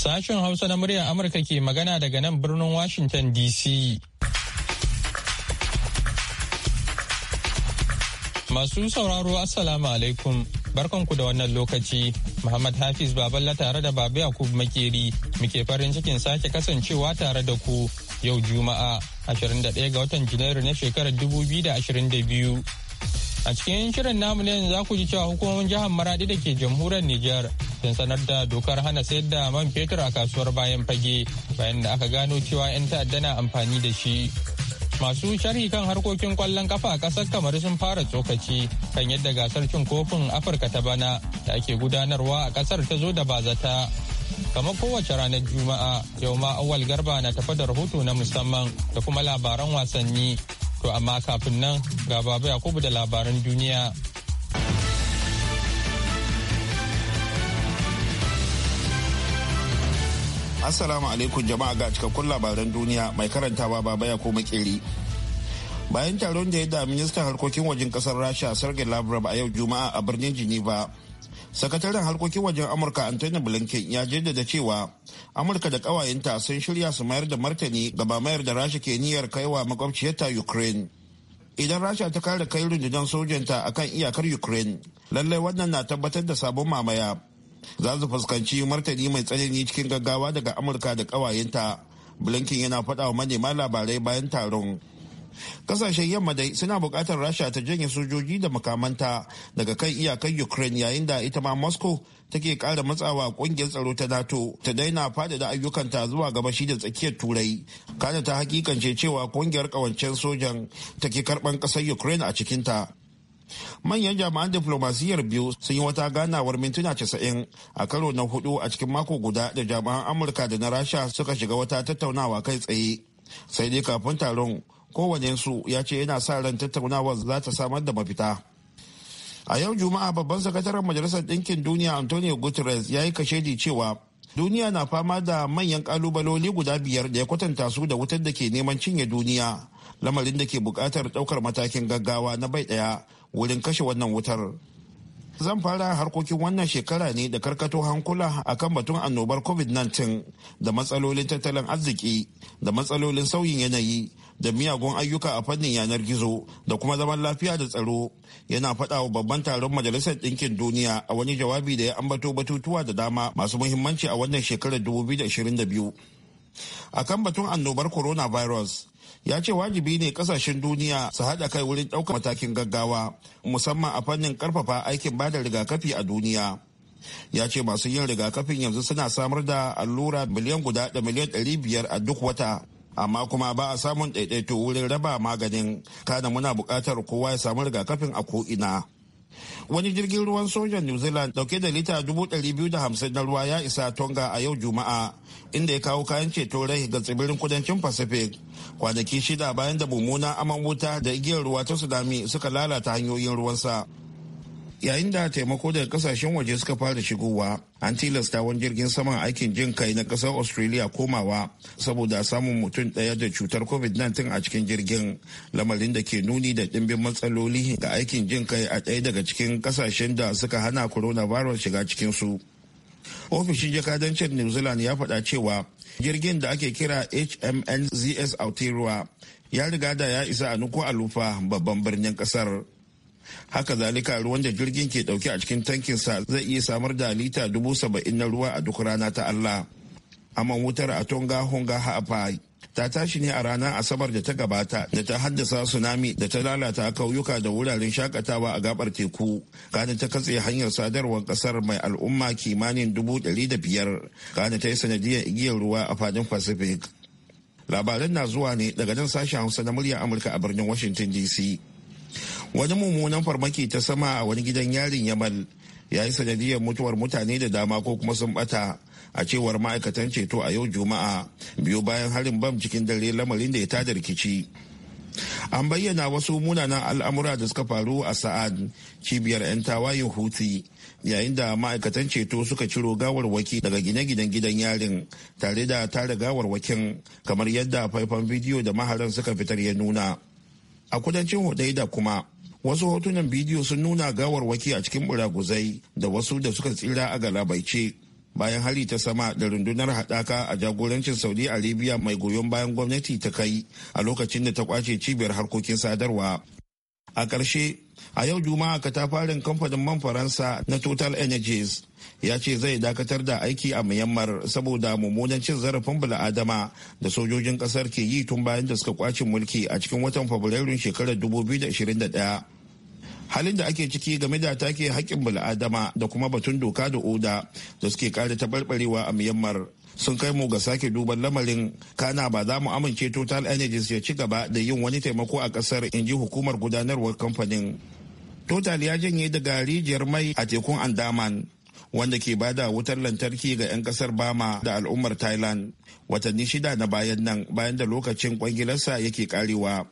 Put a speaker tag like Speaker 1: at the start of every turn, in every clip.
Speaker 1: Sashen Hausa na muryar Amurka ke magana daga nan birnin Washington DC. Masu sauraro Assalamu alaikum. Barkanku da wannan lokaci, Muhammad Hafiz Baballa tare da Babu Yakubu Makeri muke farin cikin sake kasancewa tare da ku yau Juma'a 21 ga watan Janairu na shekarar 2022. A cikin shirin namu ne za ku ji cewa hukumomin jihar Maradi da ke jamhuriyar Nijar sun sanar da dokar hana sayar da man fetur a kasuwar bayan fage bayan da aka gano cewa 'yan ta'adda na amfani da shi. Masu sharhi kan harkokin kwallon kafa a ƙasar kamar sun fara tsokaci kan yadda gasar cin kofin Afirka ta bana da ake gudanarwa a ƙasar ta zo da bazata. Kamar kowace ranar Juma'a, yau ma awal garba na tafa da rahoto na musamman da kuma labaran wasanni To amma kafin nan ga Baba Yakubu da labaran duniya.
Speaker 2: Assalamu alaikum jama'a ga cikakkun labaran duniya mai karantawa Baba ko Makeri. Bayan taron da ya da ministan harkokin wajen kasar Rasha Sergei Lavrov a yau Juma'a a birnin Geneva. sakataren harkokin wajen amurka antony blinken ya jaddada cewa amurka da kawayenta sun shirya su mayar da martani ga mayar da rasha ke niyyar kaiwa makwabciyarta ukraine idan rasha ta kare kai rundunar sojanta a kan iyakar ukraine lallai wannan na tabbatar da sabon mamaya za su fuskanci martani mai tsanani cikin gaggawa daga amurka da kawayenta blinken yana faɗa wa manema labarai bayan taron kasashen yamma dai suna bukatar rasha ta janye sojoji da makamanta daga kan iyakar ukraine yayin da ita ma moscow take kara matsawa kungiyar tsaro ta nato ta daina da ayyukanta zuwa gabashi da tsakiyar turai kana ta hakikance cewa kungiyar kawancen sojan take karban kasar ukraine a cikinta manyan jami'an diflomasiyyar biyu sun yi wata ganawar mintuna casa'in a karo na hudu a cikin mako guda da jami'an amurka da na rasha suka shiga wata tattaunawa kai tsaye sai dai kafin taron kowanensu ya ce yana sa ran tattaunawar za ta samar da mafita a yau juma'a babban sakataren majalisar ɗinkin duniya antonio guterres ya yi kashedi cewa duniya na fama da manyan kalubaloli guda biyar da ya kwatanta su da wutar da ke neman cinye duniya lamarin da ke buƙatar ɗaukar matakin gaggawa na bai ɗaya wurin kashe wannan wutar zan fara harkokin wannan shekara ne da karkato hankula akan batun annobar covid-19 da matsalolin tattalin arziki da matsalolin sauyin yanayi da miyagun ayyuka a fannin yanar gizo da kuma zaman lafiya da tsaro yana faɗa wa babban taron majalisar ɗinkin duniya a wani jawabi da ya ambato batutuwa da dama masu muhimmanci a wannan shekarar 2022 a kan batun annobar coronavirus ya ce wajibi ne kasashen duniya su haɗa kai wurin ɗaukar matakin gaggawa musamman a fannin karfafa aikin bada rigakafi a duniya ya ce masu yin rigakafin yanzu suna samar da allura miliyan guda da miliyan ɗari biyar a duk wata amma kuma ba a samun daidaito wurin raba maganin kana muna buƙatar kowa ya samu rigakafin a ko'ina wani jirgin ruwan sojan new zealand dauke da lita 250 na ruwa ya isa tonga a yau juma'a inda ya kawo kayan ceto rai ga tsibirin kudancin pacific kwanaki shida bayan da mummunan aman wuta da igiyar ruwa ta tsunami suka lalata hanyoyin ruwansa yayin da taimako daga kasashen waje suka fara shigowa an tilasta wani jirgin saman aikin jin kai na kasar australia komawa saboda samun mutum daya da cutar covid-19 a cikin jirgin lamarin da ke nuni da dimbin matsaloli ga aikin jin kai a daya daga cikin kasashen da suka hana coronavirus shiga cikin su ofishin jakadancin new zealand ya faɗa cewa jirgin da ake kira hmnzs aotearoa ya riga da ya isa a nuku alufa babban birnin kasar haka zalika ruwan da jirgin ke dauke a cikin tankin sa zai iya samar da lita dubu saba'in na ruwa a duk rana ta allah amma wutar a tonga honga ha'afa ta tashi ne a ranar asabar da ta gabata da ta haddasa tsunami da ta lalata kauyuka da wuraren shakatawa a gabar teku kana ta katse hanyar sadarwar kasar mai al'umma kimanin dubu dari da biyar kana ta yi sanadiyar igiyar ruwa a fadin pacific labaran na zuwa ne daga nan sashen hausa na murya amurka a birnin washington dc wani mummunan farmaki ta sama a wani gidan yarin yamal ya yi sanadiyar mutuwar mutane da dama ko kuma sun bata a cewar ma'aikatan ceto a yau juma'a biyu bayan harin bam cikin dare lamarin da ya tada rikici an bayyana wasu munanan al'amura da suka faru a sa'ad cibiyar 'yan tawayin huti yayin da ma'aikatan ceto suka ciro gawarwaki daga gine-ginen gidan yarin tare da tara gawarwakin kamar yadda faifan bidiyo da maharan suka fitar ya nuna a kudancin hudaida kuma wasu hotunan bidiyo sun nuna gawarwaki a cikin buraguzai da wasu da suka tsira a galabaice bayan hali ta sama da rundunar haɗaka a jagorancin saudi arabia mai goyon bayan gwamnati ta kai a lokacin da ta kwace cibiyar harkokin sadarwa a ƙarshe a yau juma'a katafarin kamfanin man faransa na total energies ya ce zai dakatar da aiki a myanmar saboda mummunan cin zarafin bil'adama da sojojin kasar ke yi tun bayan da suka kwace mulki a cikin watan fabrairun shekarar 2021 halin da ake ciki game da take haƙƙin bala'adama da kuma batun doka da oda da suke ƙara taɓarɓarewa a myanmar sun kai mu ga sake duban lamarin kana ba za mu amince total energies ya ci gaba da yin wani taimako a ƙasar in ji hukumar gudanarwar kamfanin total ya janye daga rijiyar mai a tekun andaman wanda ke bada wutar lantarki ga 'yan kasar bama da al'ummar thailand watanni shida na bayan nan bayan da lokacin kwangilarsa yake karewa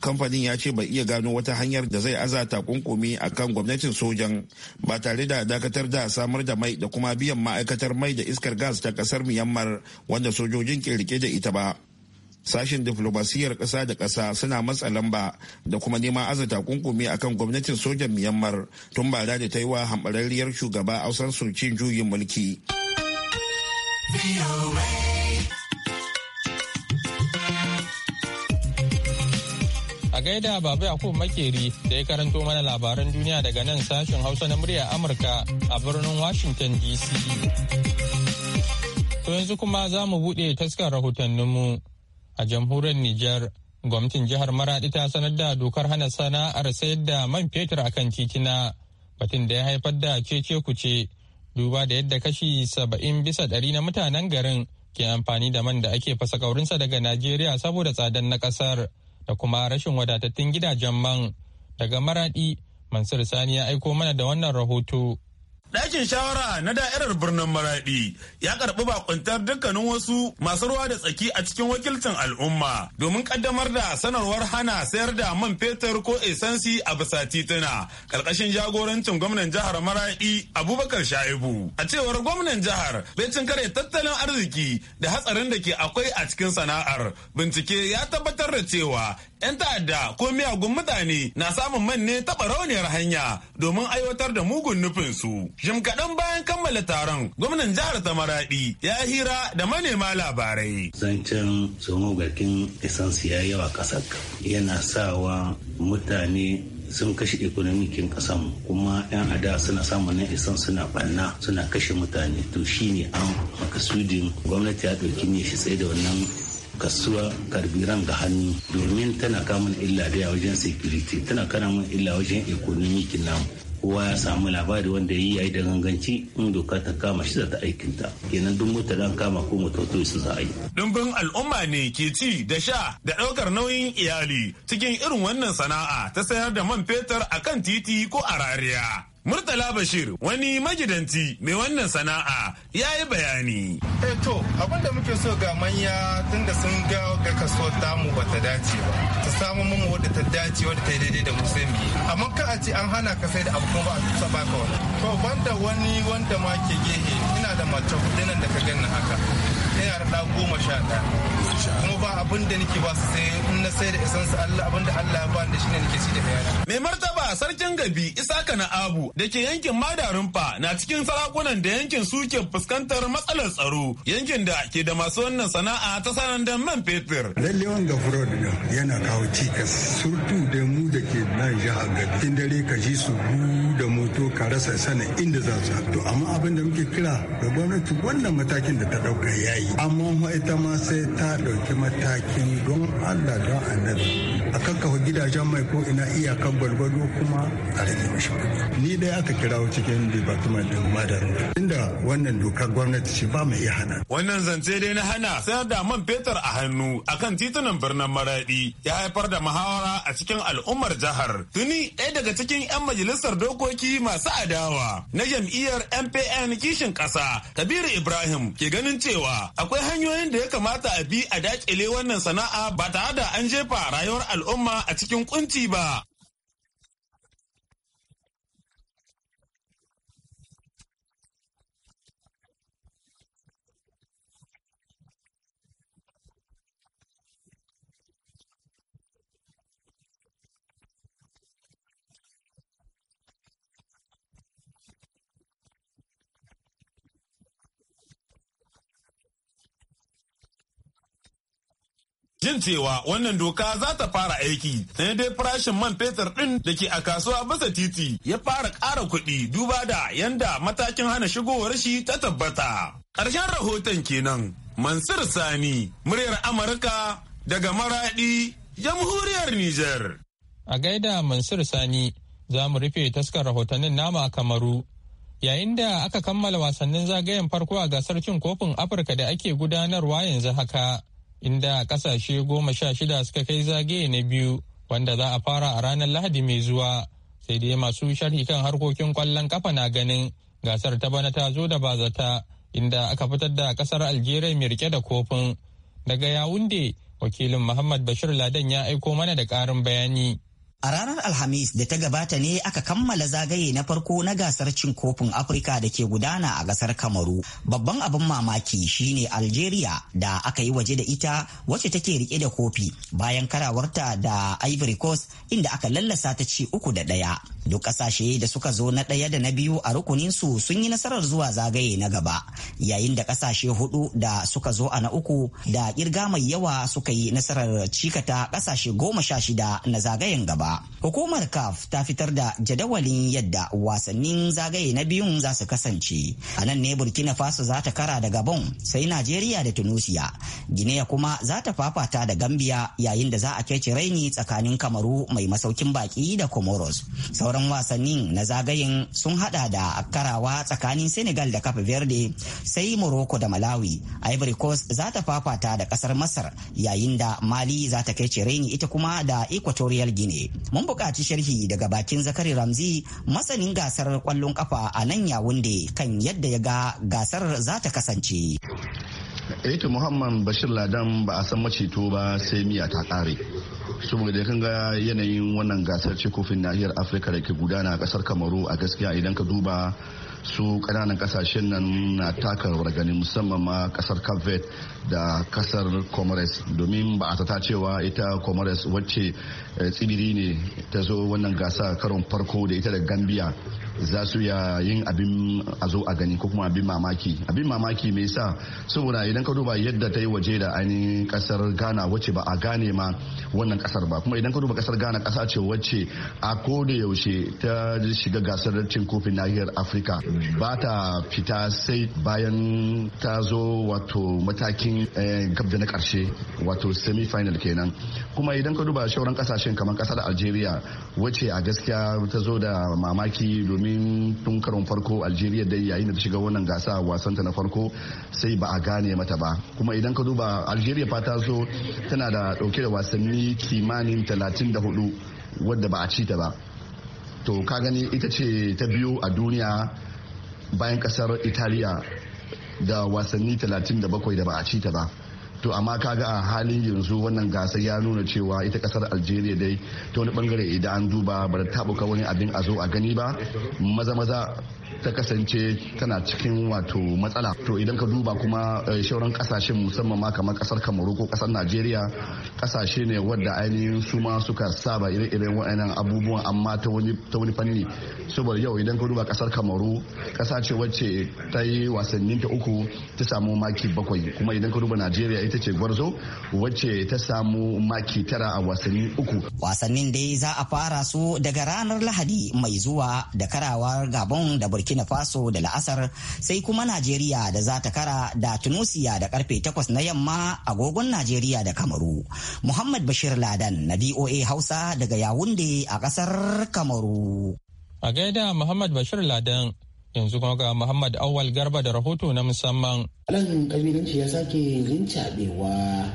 Speaker 2: kamfanin ya ce bai iya gano wata hanyar da zai aza takunkumi a kan gwamnatin sojan ba tare da dakatar da samar da mai da kuma biyan ma'aikatar mai da iskar gas ta kasar myanmar wanda sojojin ke rike da ita ba sashen diflomasiyyar ƙasa da ƙasa suna matsa lamba da kuma neman azata a akan gwamnatin sojan myanmar tun ba da ta yi wa hambararriyar shugaba ausan sucin juyin mulki
Speaker 1: a gaida baba yakubu makeri da ya karanto mana labaran duniya daga nan sashen hausa na murya amurka a birnin washington dc to yanzu kuma za mu buɗe taskar rahotanninmu a jamhuriyar Nijar. Gwamnatin jihar Maradi ta sanar da dokar hana sana'ar sayar da man fetur akan titina batun da ya haifar da cece kuce duba da yadda kashi saba'in bisa ɗari na mutanen garin ke amfani da man da ake fasa ƙaurinsa daga Najeriya saboda tsadan na ƙasar da kuma rashin wadatattun gidajen man. Daga Maradi, Mansur Sani ya aiko mana da wannan rahoto. Dakin shawara na da'irar birnin
Speaker 3: Maraɗi ya karɓi bakuntar dukkanin wasu masu ruwa da tsaki a cikin wakilcin al'umma domin ƙaddamar da sanarwar hana sayar da man fetur ko esansi a bisa tituna ƙarƙashin jagorancin gwamnan jihar Maraɗi Abubakar Sha'ibu. A cewar gwamnan jihar becin kare tattalin arziki da hatsarin da ke akwai a cikin sana'ar bincike ya tabbatar da cewa 'yan ta'adda ko miyagun mutane na samun man taɓa rauniyar hanya domin aiwatar da mugun nufin su Jim kaɗan bayan kammala taron gwamnan jihar ta Maraɗi ya hira da manema
Speaker 4: labarai. Zancen tsohon garkin isansu ya yawa ƙasar yana sawa mutane sun kashe ekonomikin kasan kuma yan ada suna samun na isan suna banna suna kashe mutane to shine an makasudin gwamnati ya ɗauki ne shi tsaye da wannan kasuwa karbiran ga hannu domin tana kamun illa da wajen security tana kana mun illa wajen economic namu kowa ya samu labari wanda ya yi yayi da ganganci in doka ta kama shi za ta aikinta kenan duk mota dan kama ko to su za a yi.
Speaker 3: Dumbin al'umma ne ke ci da sha da ɗaukar nauyin iyali cikin irin wannan sana'a ta sayar da man fetur a kan titi ko a rariya. Murtala Bashir wani magidanci mai wannan sana'a
Speaker 5: ya yi bayani. Eh to abin da muke so ga manya tun da sun ga ga kaso tamu ba ta dace ba. Ta samu mu wadda ta dace wadda ta yi daidai da musulmi. mu Amma ka a ce an hana ka sai da abu kuma ba a tusa baka wani. To banda wani wanda ma ke gehe ina da mace da ka gani haka. da goma sha ɗaya kuma ba abin da nake ba su in na sai da Allah abin da Allah ba da shine nake ci da yara
Speaker 3: mai martaba sarkin gabi Isaka na Abu da ke yankin rumfa na cikin sarakunan da yankin suke fuskantar matsalar tsaro yankin da ke da masu wannan sana'a ta sanandar man fetur
Speaker 5: lalle wanga fraud yana kawo cikas surtu da mu da ke nan jihar Gabi in dare ka ji su da mu fito ka rasa sanin inda za su to amma abin da muke kira da gwamnati wannan matakin da ta dauka yayi amma ita ma sai ta dauki matakin don Allah don annabi a kafa gidajen mai ko ina iyakan gwalgwado kuma a rage mashi ni dai aka kirawo cikin department din madar inda wannan dokar gwamnati ce ba mu iya hana
Speaker 3: wannan zance dai na hana sayar da man fetur a hannu akan titunan birnin maraɗi ya haifar da muhawara a cikin al'ummar jihar tuni ɗaya daga cikin 'yan majalisar dokoki masu adawa na jam'iyyar MPN kishin ƙasa Kabiru Ibrahim ke ganin cewa akwai hanyoyin da ya kamata a bi a dakile wannan sana'a ba tare da an jefa rayuwar al'umma a cikin kunci ba. jin cewa wannan doka za ta fara aiki sai dai farashin man fetur din da ke a kasuwa bisa titi ya fara ƙara kuɗi duba da yanda matakin hana shigowar shi ta tabbata ƙarshen rahoton kenan mansur sani muryar amurka
Speaker 1: daga maraɗi jamhuriyar niger a gaida mansur sani za mu rufe taskar rahotannin nama kamaru yayin da aka kammala wasannin zagayen farko a gasar cin kofin afirka da ake gudanarwa yanzu haka inda kasashe goma sha shida suka kai zagaye na biyu wanda za a fara a ranar lahadi mai zuwa sai dai masu sharhi kan harkokin kwallon kafa na ganin gasar ta bana ta zo da bazata inda aka fitar da kasar algeria mai rike da kofin daga yawunde wakilin muhammad bashir ladan ya aiko mana da karin bayani A ranar Alhamis da ta gabata
Speaker 6: ne aka kammala zagaye na farko na gasar cin kofin Afirka da ke gudana a gasar Kamaru. Babban abin mamaki shine Algeria da aka yi waje da ita wacce take rike da kofi bayan karawarta da Ivory Coast inda aka lallasa ta ci uku da ɗaya. Duk ƙasashe da suka zo na ɗaya da na biyu a rukunin su sun yi nasarar zuwa zagaye na gaba. Yayin da ƙasashe hudu da suka zo a na uku da kirga mai yawa suka yi nasarar cikata ƙasashe goma sha shida na zagayen gaba. Hukumar CAF ta fitar da jadawalin yadda wasannin zagaye na biyun za su kasance. A nan ne Burkina Faso za ta kara da Gabon sai Najeriya da Tunusia. Guinea kuma za ta fafata da Gambia yayin da za a kece raini tsakanin Kamaru mai masaukin baki da Comoros. Sauran wasannin na zagayen sun hada da karawa tsakanin Senegal da Cape Verde sai Morocco da Malawi. Ivory Coast za ta fafata da kasar Masar yayin da Mali za ta kece raini ita kuma da Equatorial Guinea. mun buƙaci sharhi daga bakin zakari ramzi masanin gasar kwallon kafa a nan yawunde kan yadda ya ga gasar za ta kasance
Speaker 7: eto eh muhammad bashir ladan ba a san maceto ba sai miya ta kare saboda kan ga yanayin wannan gasar ce kofin nahiyar afirka da ke gudana a kasar kamaru a gaskiya idan ka duba su kananan kasashen nan na taka rawar gani musamman ma kasar cape da kasar comores domin ba a tata cewa ita comores wacce eh, tsibiri ne ta zo wannan gasa karon farko da ita da gambia za su ya yin abin a zo a gani ko kuma abin mamaki abin mamaki me yasa saboda idan ka duba yadda ta yi waje da ainihin kasar ghana wacce ba a gane ma wannan kasar ba kuma idan ka duba kasar ghana kasa ce wacce a kodayaushe yaushe ta shiga gasar cin kofin nahiyar afirka ba ta fita sai bayan ta zo wato matakin eh, gab da na karshe wato semi final kenan kuma idan ka duba shauran kasashen kamar kasar algeria wacce a gaskiya ta zo da mamaki domin tun karon farko algeria dai yayin da ta shiga wannan gasa wasanta na farko sai ba a gane mata ba kuma idan ka duba algeria fa ta zo tana da dauke da wasanni kimanin 34 wadda ba a ci ta ba to ka gani ita ce ta biyu a duniya bayan kasar italiya da wasanni 37 da ba a ci ta ba to amma kaga a halin yanzu wannan gasar ya nuna cewa ita kasar algeria dai ta wani bangare idan an duba ba ta wani abin a zo a gani ba maza maza ta kasance tana cikin wato matsala to idan ka duba kuma eh, shauran kasashen musamman ma kamar kasar kamaru ko kasar najeriya kasashe ne wadda ainihin su ma suka saba ire-iren wa'annan abubuwan amma ta wani fanni saboda yau idan ka duba kasar kamaru kasa ce wacce ta yi wasannin ta uku ta samu maki bakwai kuma idan ka duba najeriya ita ce gwarzo wacce ta samu maki tara a wasannin uku wasannin dai
Speaker 6: za a fara su daga ranar lahadi mai zuwa da karawar gabon da burkina faso da la'asar sai kuma najeriya da za ta kara da tunisia da karfe takwas na yamma agogon najeriya da kamaru muhammad bashir ladan na voa hausa daga yawunde a kasar kamaru
Speaker 1: a gaida muhammad bashir ladan yanzu kuma ga Muhammad Awal Garba da rahoto na musamman.
Speaker 4: Alan kabilanci ya sake lincaɓewa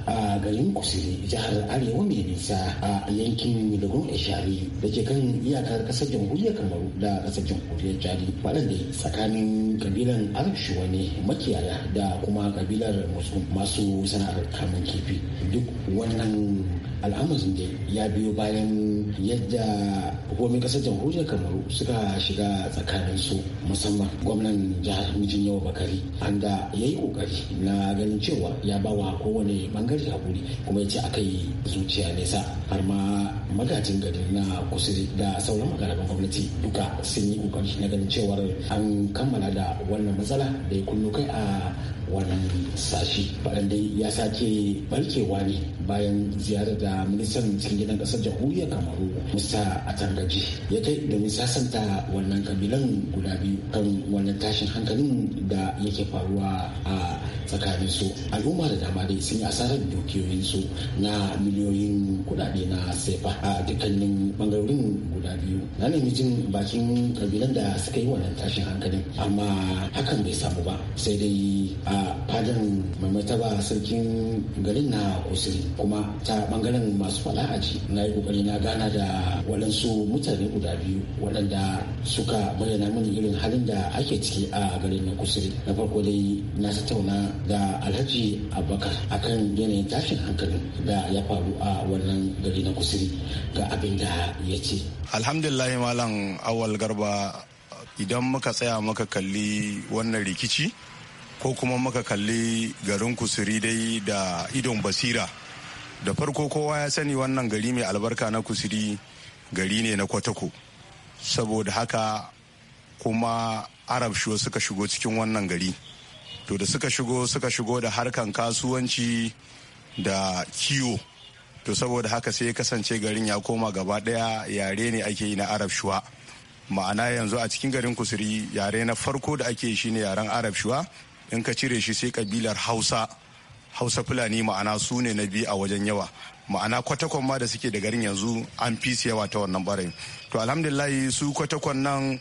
Speaker 4: a garin Kusuri jihar Arewa mai nisa a yankin Lagun Ishari da ke kan iyakar ƙasar jamhuriyar Kamaru da ƙasar jamhuriyar Chadi. Faɗan da tsakanin kabilan Arab ne makiyaya da kuma kabilar musu masu sana'ar kamun kifi. Duk wannan al'amarin da ya biyo bayan yadda hukumomin ƙasar jamhuriyar Kamaru suka shiga tsakanin su. musamman gwamnan jihar mijin yau bakari an da ya yi kokari na ganin cewa ya ba wa kowane bangare haƙuri kuma ya ce aka yi zuciya nesa har ma magajin gari na kusuri da sauran magaraban gwamnati duka sun yi kokari na ganin cewar an kammala da wannan matsala da ya kullu kai a wannan sashi dai ya sake barkewa ne bayan ziyarar da ministan cikin gidan ƙasar jamhuriyar kamaru musta atangaji ya kai da sasanta wannan kabilan guda biyu kan wannan tashin hankalin da yake faruwa a tsakanin su al'umma da dama dai sun yi asarar dukiyoyin su na miliyoyin kuɗaɗe na sefa a dukkanin bangarorin guda biyu na nemi jin bakin kabilan da suka yi wannan tashin hankalin amma hakan bai samu ba sai dai a a fadan mai martaba sarkin garin na kusuri kuma ta bangaren masu ji na yi kokari na gana da waɗansu mutane guda biyu waɗanda suka bayyana mini irin halin da ake ciki a garin na kusuri na farko dai na tattauna da alhaji abubakar akan yanayin tashin hankalin da ya faru a wannan gari na kusuri ga abin da ya ce
Speaker 5: alhamdulillah malam awal garba idan muka tsaya muka kalli wannan rikici ko kuma muka kalli garin kusuri dai da idon basira da farko kowa ya sani wannan gari mai albarka na kusuri gari ne na kwatako saboda haka kuma arab shuwa suka shigo cikin wannan gari to da suka shigo suka shigo da harkan kasuwanci da kiwo to saboda haka sai kasance garin ya koma gaba daya yare ne ake yi na arab shuwa ma'ana yanzu a cikin garin kusuri yare na farko da ake shine yaren arab shuwa in ka cire shi sai kabilar hausa hausa fulani ma'ana su ne na biyu a wajen yawa ma'ana kwatakon ma da suke da garin yanzu an fi yawa ta wannan barayin to alhamdulillahi su kwatakon nan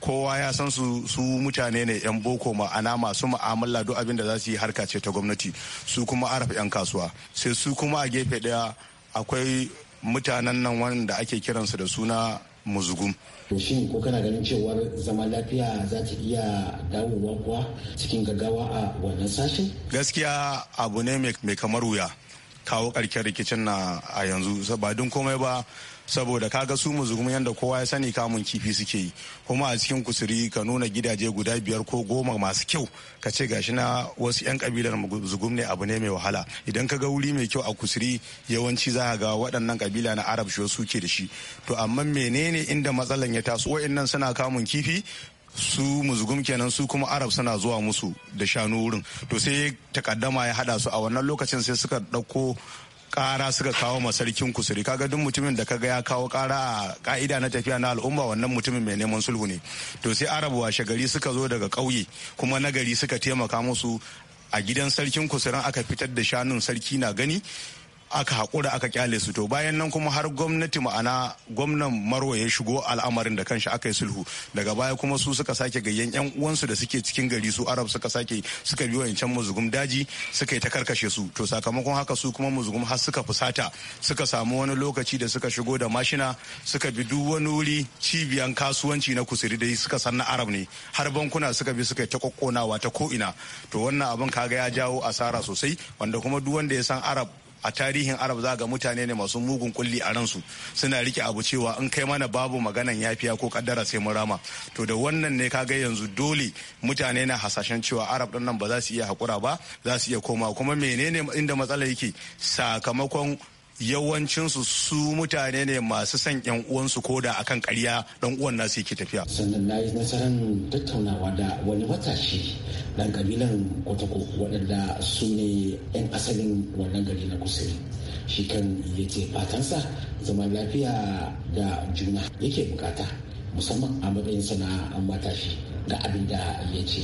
Speaker 5: kowa ya san su su mutane ne yan boko ma'ana masu ma'amala duk abin da za su yi harka ce ta gwamnati su kuma arafa yan kasuwa sai su kuma a gefe daya akwai mutanen nan wanda ake kiransu da suna muzugum.
Speaker 4: shin ko kana ganin cewar zama lafiya za ta iya dawowa kuwa cikin gaggawa a wannan sashen?
Speaker 5: Gaskiya abu ne mai kamar wuya kawo ƙarshen rikicin na a yanzu ba don komai ba saboda kaga su muzugumin yadda kowa ya sani kamun kifi suke yi kuma a cikin kusuri ka nuna gidaje guda biyar ko goma masu kyau ka ce gashi na wasu 'yan kabilar muzugum ne abu ne mai wahala idan ka ga wuri mai kyau a kusuri yawanci za ga waɗannan kabila na arab shi suke da shi to amma menene inda matsalan ya taso wa'annan suna kamun kifi su muzugum kenan su kuma arab suna zuwa musu da shanu wurin to sai takaddama ya hada su a wannan lokacin sai suka ɗauko kara suka kawo ma sarkin kusuri kaga duk mutumin da kaga ya kawo kara a ka'ida na tafiya na al'umma wannan mutumin mai neman sulhu ne to sai arabu washe gari suka zo daga ƙauye kuma nagari suka taimaka musu a gidan sarkin kusurin aka fitar da shanun sarki na gani aka haƙura aka kyale su to bayan nan kuma har gwamnati ma'ana gwamnan marwa ya shigo al'amarin da kanshi aka yi sulhu daga baya kuma su suka sake gayyan yan uwansu da suke cikin gari su arab suka sake suka biyo yancan muzugum daji suka yi ta karkashe su to sakamakon haka su kuma muzugum har suka fusata suka samu wani lokaci da suka shigo da mashina suka bi duk wani wuri cibiyan kasuwanci na kusuri dai suka san na arab ne har bankuna suka bi suka yi ta kokkonawa ta ko'ina to wannan abin kaga ya jawo asara sosai wanda kuma duk wanda ya san arab a tarihin arab za ga mutane ne masu mugun kulli a ransu suna rike abu cewa in kai mana babu maganan yafiya ko kaddara sai mun rama to da wannan ne kaga yanzu dole mutane na hasashen cewa arab din nan ba za su iya hakura ba za su iya koma kuma menene inda matsala yake sakamakon yawancinsu su mutane ne masu son yan uwansu ko da akan ƙarya dan uwan nasu yake tafiya.
Speaker 4: sannan na yi nasarar tattaunawa da wani matashi dan kabilan kotoko waɗanda su ne yan asalin wannan gari na kusuri shi kan yace fatansa zaman lafiya da juna yake bukata musamman a matsayinsa na matashi ga abin da ya ce.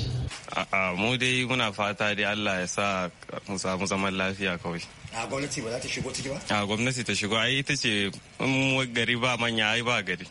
Speaker 1: mu dai muna fata dai Allah ya sa mu samu zaman lafiya kawai. a gwamnati ba za ta shigo ciki ba a gwamnati ta shigo ai ita ce in gari ba manya ai ba gari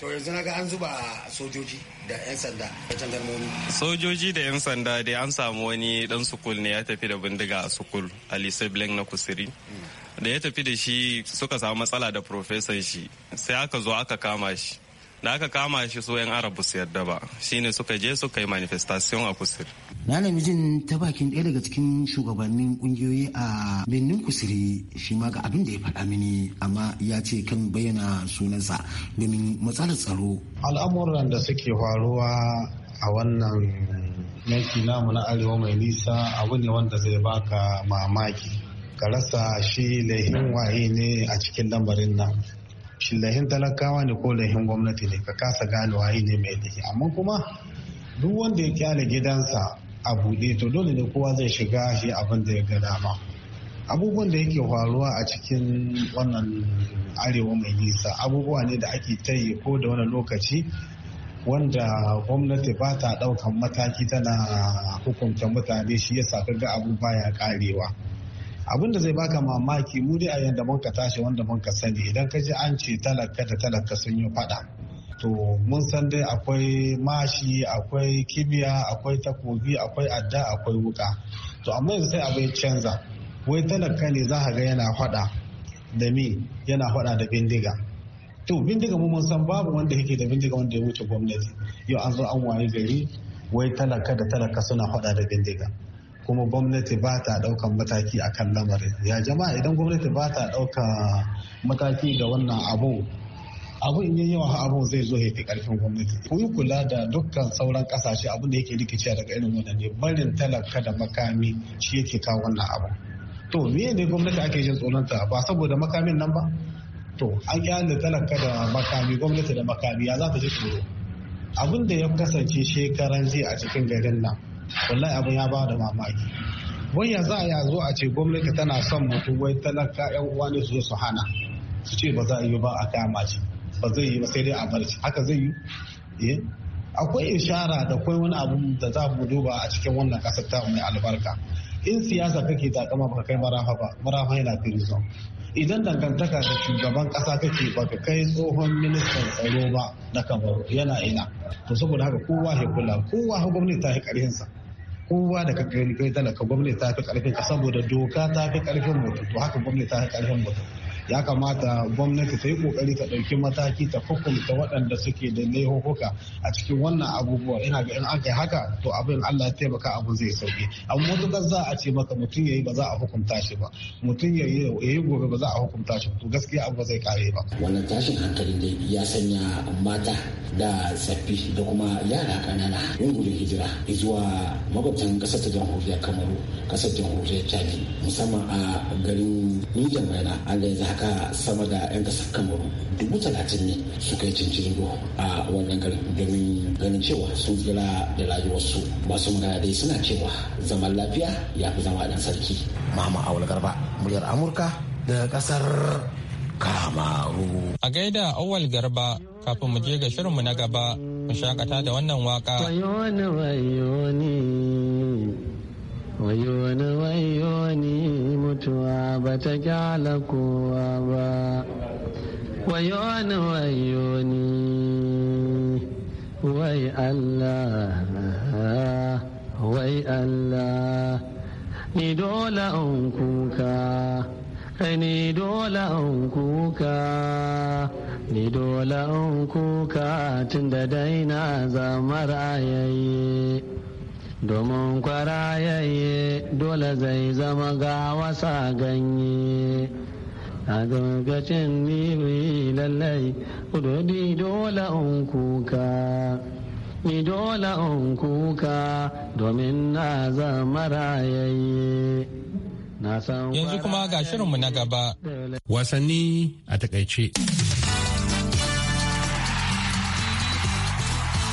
Speaker 4: to yanzu na ga an zuba sojoji da 'yan sanda da jandarmomi
Speaker 1: sojoji da 'yan sanda dai an samu wani dan sukul ne ya tafi da bindiga a sukul ali sibling na kusuri mm. da ya tafi da shi suka samu matsala da profesan shi sai aka zo aka kama shi da aka kama shi su yan arabu su yadda ba shine suka je suka yi manifestation a kusur
Speaker 4: na mijin ta bakin ɗaya daga cikin shugabannin ƙungiyoyi a birnin kusuri shi ma ga abin da ya faɗa mini amma ya ce kan bayyana sunansa domin matsalar tsaro
Speaker 8: al'amuran da suke faruwa a wannan yanki namu na arewa mai nisa abu ne wanda zai baka mamaki ka rasa shi lehin waye ne a cikin lambarin nan shin lahin talakawa ne ko lahin gwamnati ne ka kasa gane waye ne mai liki amma kuma duk wanda ya kyale gidansa a buɗe to dole ne kowa zai shiga shi abin da ya ga dama abubuwan da yake faruwa a cikin wannan arewa mai nisa abubuwa ne da ake ta yi ko da wani lokaci wanda gwamnati ba ta ɗaukan mataki tana hukunta mutane shi yasa kaga abu baya karewa. abin da zai baka mamaki mu dai a yadda mun ka tashi wanda mun ka sani idan ka ji an ce talaka da talaka sun yi fada to mun san dai akwai mashi akwai kibiya akwai takobi akwai adda akwai wuka to amma yanzu sai ya canza wai talaka ne za ga yana fada da me yana fada da bindiga to bindiga mu mun san babu wanda yake da bindiga wanda ya wuce gwamnati yau an zo an waye gari wai talaka da talaka suna fada da bindiga kuma gwamnati ba ta ɗaukan mataki a kan lamarin ya jama'a idan gwamnati ba ta ɗauka mataki da wannan abu abu in yi yawa abu zai zo ya fi karfin gwamnati ku yi kula da dukkan sauran kasashe abin da yake rikiciya daga irin wannan ne barin talaka da makami shi yake kawo wannan abu to me ne gwamnati ake jin tsoronta ba saboda makamin nan ba to an da talaka da makami gwamnati da makami ya za ta ji tsoro abin da ya kasance shekaran jiya a cikin garin nan wallahi abin ya ba da mamaki wanya za a ya zo a ce gwamnati tana son mutum wai talaka yan uwa ne su su hana su ce ba za a yi ba a kama shi ba zai yi ba sai dai a bar haka zai yi eh. akwai ishara da akwai wani abu da za mu duba a cikin wannan kasar ta mai albarka in siyasa kake takama ba kai marafa ba marafa yana firizo. idan dangantaka da shugaban kasa kake ba ka kai tsohon ministan tsaro ba na kamaru yana ina to saboda haka kowa ya kula kowa gwamnati ta yi karhinsa kowa da kai talaka gwamnati ta fi karfin ka saboda doka ta fi karfin mutum to haka gwamnati ta fi karfin mutum ya kamata gwamnati ta yi kokari ta ɗauki mataki ta hukunta waɗanda suke da laihuhuka a cikin wannan abubuwa ina ga in aka yi haka to abin Allah ya taimaka abu zai sauke amma mutukar za a ce maka mutum yayi ba za a hukunta shi ba mutum yayi gobe ba za a
Speaker 4: hukunta shi to gaskiya abu zai kare ba wannan tashin hankali dai ya sanya mata da tsaffi da kuma yara kanana yin gudun hijira zuwa makwabtan kasar ta jamhuriyar kamaru kasar jamhuriyar chadi musamman a garin nijar bayana an da yanzu haka sama da 'yan kasar kamaru dubu talatin ne suka yi cincirindo a wannan garin domin ganin cewa sun jira da rayuwarsu masu magana dai suna cewa zaman lafiya ya fi zama dan sarki mama awul garba muryar amurka da kasar
Speaker 1: kamaru a gaida awal garba kafin mu je ga shirinmu na gaba mu shakata da wannan waka
Speaker 9: wayona wayoni mutuwa ba ta kyala kowa ba wayona wayoni wai allah wai allah ni dole an kuka ni dole an kuka ni dole an kuka tun da daina zamar ayaye domin kwarayaye dole zai zama ga wasa ganye a gargacin niwi lallai kudodi dole un kuka ni dole un kuka domin na zama rayaye.
Speaker 1: yanzu kuma ga shirinmu na gaba
Speaker 4: wasanni a takaice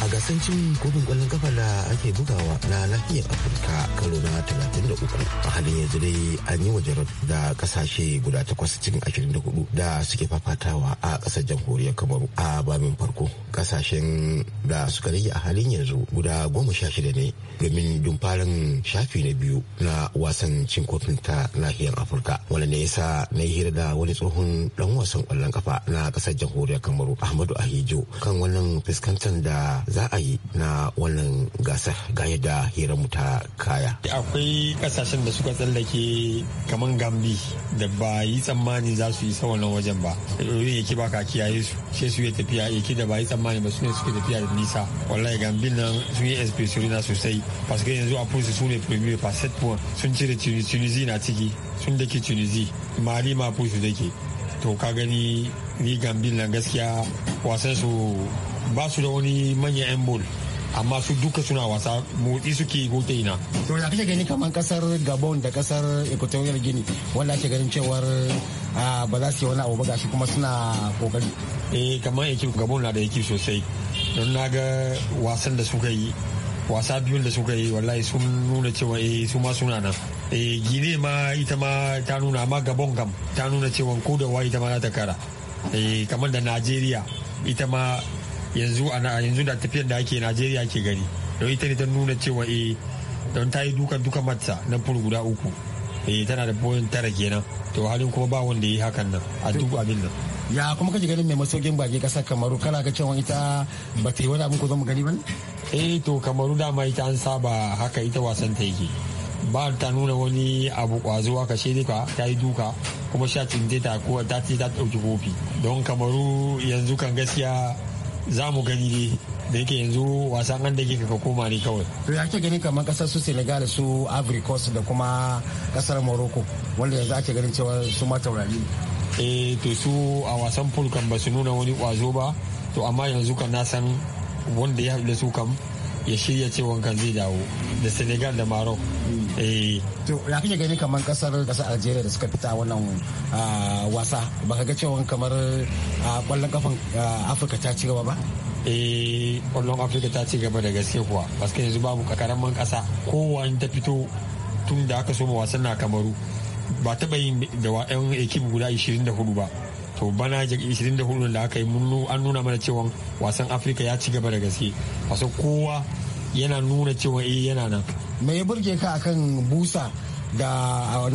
Speaker 4: a gasancin cin kofin kwallon kafa da ake bugawa na nahiyar afirka karo na 33 a halin yanzu dai an yi wajen da kasashe guda takwas cikin 24 da suke fafatawa a kasar jamhuriyar kamaru a babin farko kasashen da suka rage a halin yanzu guda goma sha shida ne domin dumfarin shafi na biyu na wasan cin kofin ta nahiyar afirka wanda ne yasa na yi hira da wani tsohon dan wasan kwallon kafa na kasar jamhuriyar kamaru ahmadu ahijo kan wannan fuskantar da za a yi na wannan gasar ga yadda hira ta kaya.
Speaker 9: Akwai kasashen da suka tsallake kamar Gambi da ba yi tsammani za su yi sauran wannan wajen ba. Yin yake ba ka kiyaye su, sai su yi tafiya yake da ba yi tsammani ba su ne suke tafiya da nisa. Wallahi Gambi nan sun yi especially na sosai. Paske yanzu a fusi su ne premier pa set point sun cire Tunisi na ciki sun dake Tunisi. Mali ma fusi dake. To ka gani ni Gambi nan gaskiya wasan su ba su da wani manyan 'yan bol amma su duka suna wasa motsi suke ko ina.
Speaker 4: to ya kake gani kamar kasar gabon da kasar equatorial guinea wanda ake ganin cewar ba za su yi wani abu ba shi kuma suna kokari.
Speaker 9: eh kamar ekip gabon na da ekip sosai don na ga wasan da suka yi wasa biyun da suka yi wallahi sun nuna cewa eh su ma suna nan eh gine ma ita ma ta nuna amma gabon kam ta nuna cewa ko da wa ita ma za ta kara eh kamar da najeriya ita ma yanzu ana yanzu da tafiyar da ake najeriya ke gani don ita ne ta nuna cewa eh don ta yi dukan duka matsa na furu guda uku eh tana da boyin tara kenan to halin kuma ba wanda ya yi hakan nan a duk abin nan ya kuma kake ganin mai masogin baki kasa kamaru kana ga cewa ita ba ta yi wani abin ko zama gani ba ne eh to kamaru dama ita an saba haka ita wasan ta yake ba ta nuna wani abu kwazo aka shi duka ta yi duka kuma sha ta ko ta ce ta dauki kofi don kamaru yanzu kan gaskiya za mu gani ne da yake yanzu wasan an dage ka koma ne kawai.
Speaker 4: To ya ke gani kamar kasar su Senegal su
Speaker 9: Ivory Coast da kuma kasar Morocco wanda yanzu ake ganin cewa su ma taurari. Eh to su a wasan pool kan ba su nuna wani kwazo ba to amma yanzu kan na san wanda ya haɗu da su kam ya shirya ce zai dawo da senegal da maroc eh.
Speaker 4: to ya kake gani kamar kasar kasar algeria da suka fita wannan
Speaker 9: ah, wasa baka ga cewa kamar kwallon ah, kafan ah, afirka ta ci gaba ba eh kwallon afirka ta ci gaba da gaske kuwa paske yanzu babu karaman kasa kowane ta fito tun da aka soma wasan na kamaru ba taɓa yin da 'yan ekip guda 24 ba to bana 24 da aka yi an nuna mana cewa wasan afirka ya ci gaba da gaske wasan kowa yana nuna cewa eh yana nan me ya burge ka akan busa da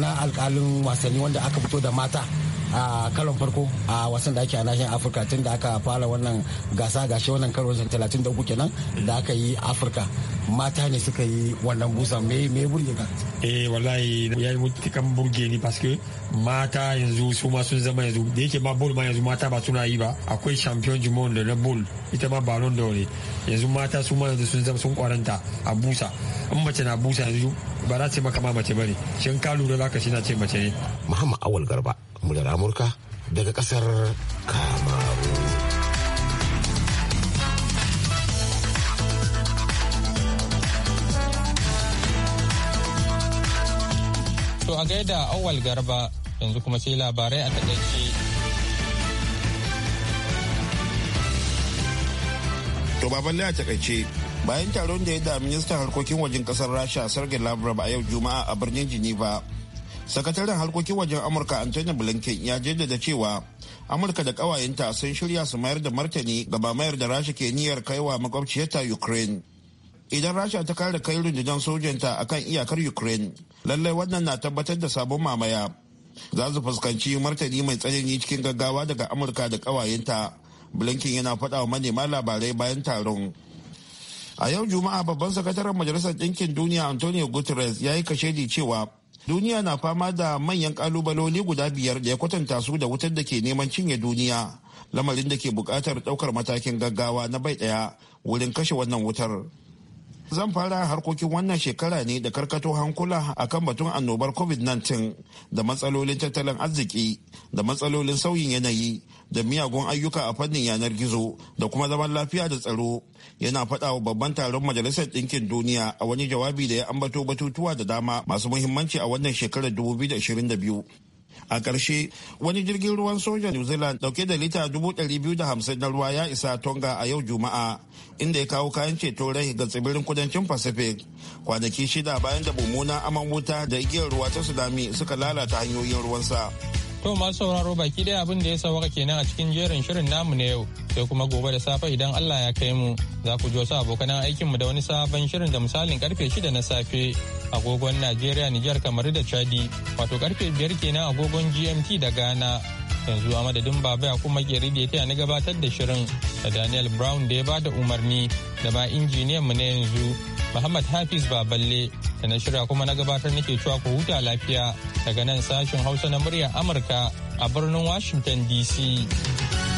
Speaker 9: na alkalin wasanni wanda aka fito da mata a
Speaker 4: karon farko a wasan da ake a nashin afirka tun da aka fara wannan gasa gashi wannan karo
Speaker 9: 33 kenan da aka yi afirka mata ne suka yi wannan busa me me burge ka eh wallahi yayi mutukan burge ni paske mata yanzu su ma sun zama yanzu da yake ma bol ma yanzu mata ba suna yi ba akwai champion du monde na bol ita ma balon da ne yanzu mata su ma yanzu sun zama sun kwaranta a busa in mace na busa yanzu ba za ce maka ma mace bane shin ka lura zaka shi na ce mace ne muhammad awal garba muryar amurka daga kasar kamaru
Speaker 1: to a gaida awal garba yanzu kuma sai labarai a takaice
Speaker 2: To ne a takaice bayan taron da ya da ministan harkokin wajen kasar Rasha Sergei Lavrov a yau Juma'a a birnin Geneva sakataren harkokin wajen amurka antonio blinken ya jaddada cewa amurka da kawayenta sun shirya su mayar da martani gaba mayar da rasha ke niyyar kaiwa makwabciyarta ukraine idan rasha ta kare kai rundunar sojanta a kan iyakar ukraine lallai wannan na tabbatar da sabon mamaya za su fuskanci martani mai tsanani cikin gaggawa daga amurka da kawayenta blinken yana faɗa wa manema labarai bayan taron a yau juma'a babban sakataren majalisar ɗinkin duniya antonio guterres ya yi kashedi cewa duniya na fama da manyan kalubaloli guda biyar da ya kwatanta su da wutar da ke neman cinye duniya lamarin da ke buƙatar ɗaukar matakin gaggawa na bai ɗaya wurin kashe wannan wutar zan fara harkokin wannan shekara ne da karkato hankula akan batun annobar covid-19 da matsalolin tattalin arziki da matsalolin sauyin yanayi da miyagun ayyuka a fannin yanar gizo da kuma zaman lafiya da tsaro yana faɗa wa babban taron majalisar ɗinkin duniya a wani jawabi da ya ambato batutuwa da dama masu muhimmanci a wannan shekarar 2022 a ƙarshe wani jirgin ruwan sojan new zealand dauke da lita 250 na ruwa ya isa tonga a yau juma'a inda ya kawo kayan ceto rai ga tsibirin kudancin pacific kwanaki shida bayan da mummunan aman wuta da igiyar ruwa ta tsunami suka lalata hanyoyin ruwansa
Speaker 1: To masu sauraro baki ɗaya abin da ya sauka kenan a cikin jerin shirin namu na yau sai kuma gobe da safe idan Allah ya kai mu za ku ji wasu abokanan mu da wani sabon shirin da misalin karfe shida na safe agogon Najeriya Nijar kamar da Chadi wato karfe biyar kenan agogon GMT da Ghana yanzu a madadin baba ya kuma gari da ya taya na gabatar da shirin da Daniel Brown da ya bada umarni da ba injiniyan mu na yanzu Muhammad Hafiz Baballe da na shirya kuma na gabatar nake cewa ku huta lafiya daga nan sashen Hausa na muryar Amurka a birnin Washington DC.